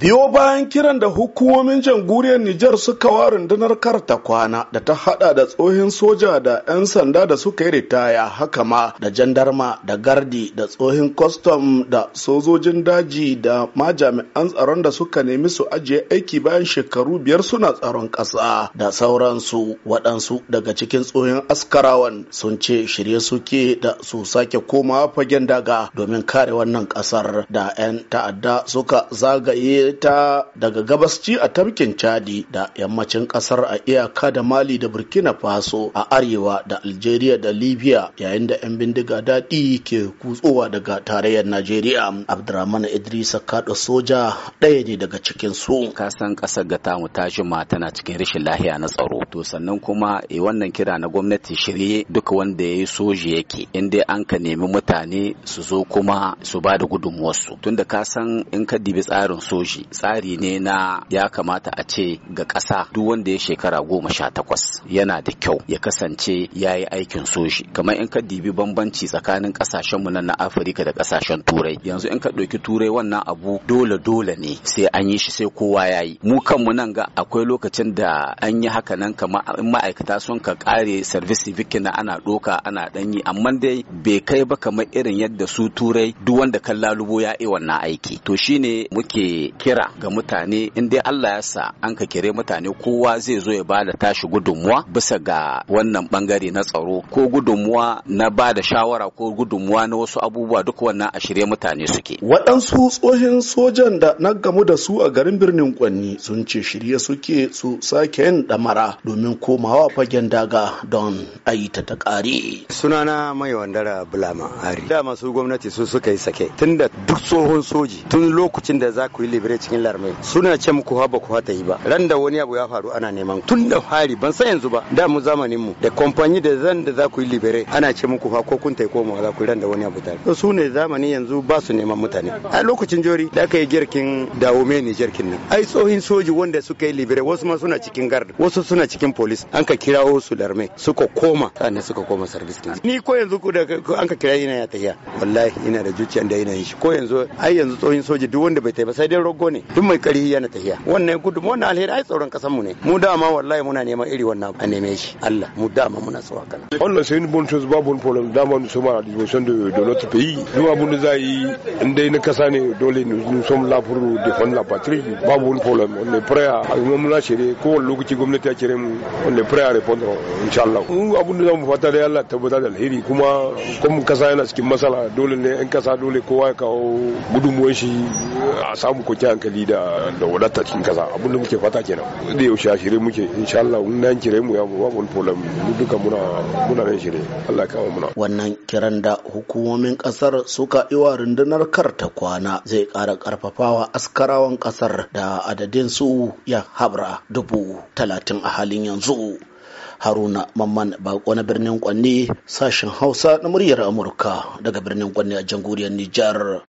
Biyo bayan kiran da hukumomin janguriyar Nijar suka wa rundunar kar ta kwana da ta hada da tsohin soja da 'yan sanda da suka yi ritaya haka ma da jandarma da gardi da tsohin kwastam da sojojin daji da ma jami'an tsaron da suka nemi su ajiye aiki bayan shekaru biyar suna tsaron ƙasa da sauransu waɗansu daga cikin tsohin askarawan sun ce shirye suke da su sake komawa fagen daga domin kare wannan ƙasar da 'yan ta'adda suka zagaye ta daga gabasci a tamkin Chadi da yammacin kasar a iyaka da Mali da Burkina Faso a arewa da Algeria da Libya yayin da 'yan bindiga daɗi ke kutsowa daga tarayyar Najeriya. Abdurrahman Idrisa kaɗa soja ɗaya ne daga cikin su. Ka san ƙasar ga tamu ta jima tana cikin rashin lahiya na tsaro. To sannan kuma e wannan kira na gwamnati shirye duk wanda ya yi soji yake. In dai an ka nemi mutane su zo kuma su ba da gudunmuwarsu. Tunda ka san in ka dibi tsarin soji shi tsari ne na ya kamata a ce ga ƙasa duk wanda ya shekara goma sha takwas yana da kyau ya kasance ya yi aikin soshi kamar in ka dibi bambanci tsakanin ƙasashenmu na afirka da ƙasashen turai yanzu in ka ɗauki turai wannan abu dole dole ne sai an yi shi sai kowa ya yi mu kanmu nan ga akwai lokacin da an yi haka nan kamar in ma'aikata sun ka kare service civic na ana ɗoka ana ɗan yi amma dai bai kai ba kamar irin yadda su turai duk wanda kan lalubo ya yi wannan aiki to shine muke kira ga mutane in dai Allah ya sa an ka kire mutane kowa zai zo ya bada tashi gudunmuwa bisa ga wannan bangare na tsaro ko gudunmuwa na bada shawara ko gudunmuwa na wasu abubuwa duk wannan a shirye mutane suke waɗansu tsohin sojan da na gamu da su a garin birnin Kwanni sun ce shirye suke su sake yin damara domin komawa fagen daga don ayi ta ta sunana mai wandara bulama hari da masu gwamnati su suka yi sake tunda duk tsohon soji tun lokacin da za ku yi bai cikin larmai suna ce muku haba ba ku ta yi ba ran da wani abu ya faru ana neman tun da fari ban san yanzu ba da mu zamanin mu da kamfani da zan da za ku yi libere ana ce muku fa ko kun tai ko mu za ku ran da wani abu tare su ne zamanin yanzu ba su neman mutane a lokacin jori da aka yi girkin dawome ne jirkin nan ai tsohin soji wanda suka yi libere wasu ma suna cikin gard wasu suna cikin police an ka kirawo su larmai suka koma sannan suka koma service din ni ko yanzu ku da an ka kira ina ya tafiya wallahi ina da zuciya da ina yin shi ko yanzu ai yanzu tsohin soji duk wanda bai tai ba sai dai rogo taimako ne duk mai ƙarfi yana tahiya wannan gudu wannan alheri ai tsoron kasan mu ne mu dama wallahi muna neman iri wannan a neme shi Allah mu dama muna so haka wannan sai ni bonus ba bon problem dama nous sommes à la disposition de de notre pays nous abun da zai indai na kasa ne dole nous sommes là pour fond la patrie ba bon problem on est prêt a. mu muna shirye ko lokaci gwamnati a kire mu on est prêt a répondre insha Allah mu abu da mu fata da Allah tabbata da alheri kuma kuma kasa yana cikin masala dole ne in kasa dole kowa ya kawo gudunmuwan shi a samu kwanciya hankali da da wadata cikin kasa abin da muke fata kenan da yaushe a shirye muke insha Allah mun nan kire mu ya mu babu wani problem mu duka muna muna nan shirye Allah ya kawo muna wannan kiran da hukumomin kasar suka iwa rundunar kar ta kwana zai kara karfafawa askarawan kasar da adadin su ya habra dubu talatin a halin yanzu haruna mamman bako na birnin kwanne sashen hausa na muryar amurka daga birnin kwanne a jamhuriyar nijar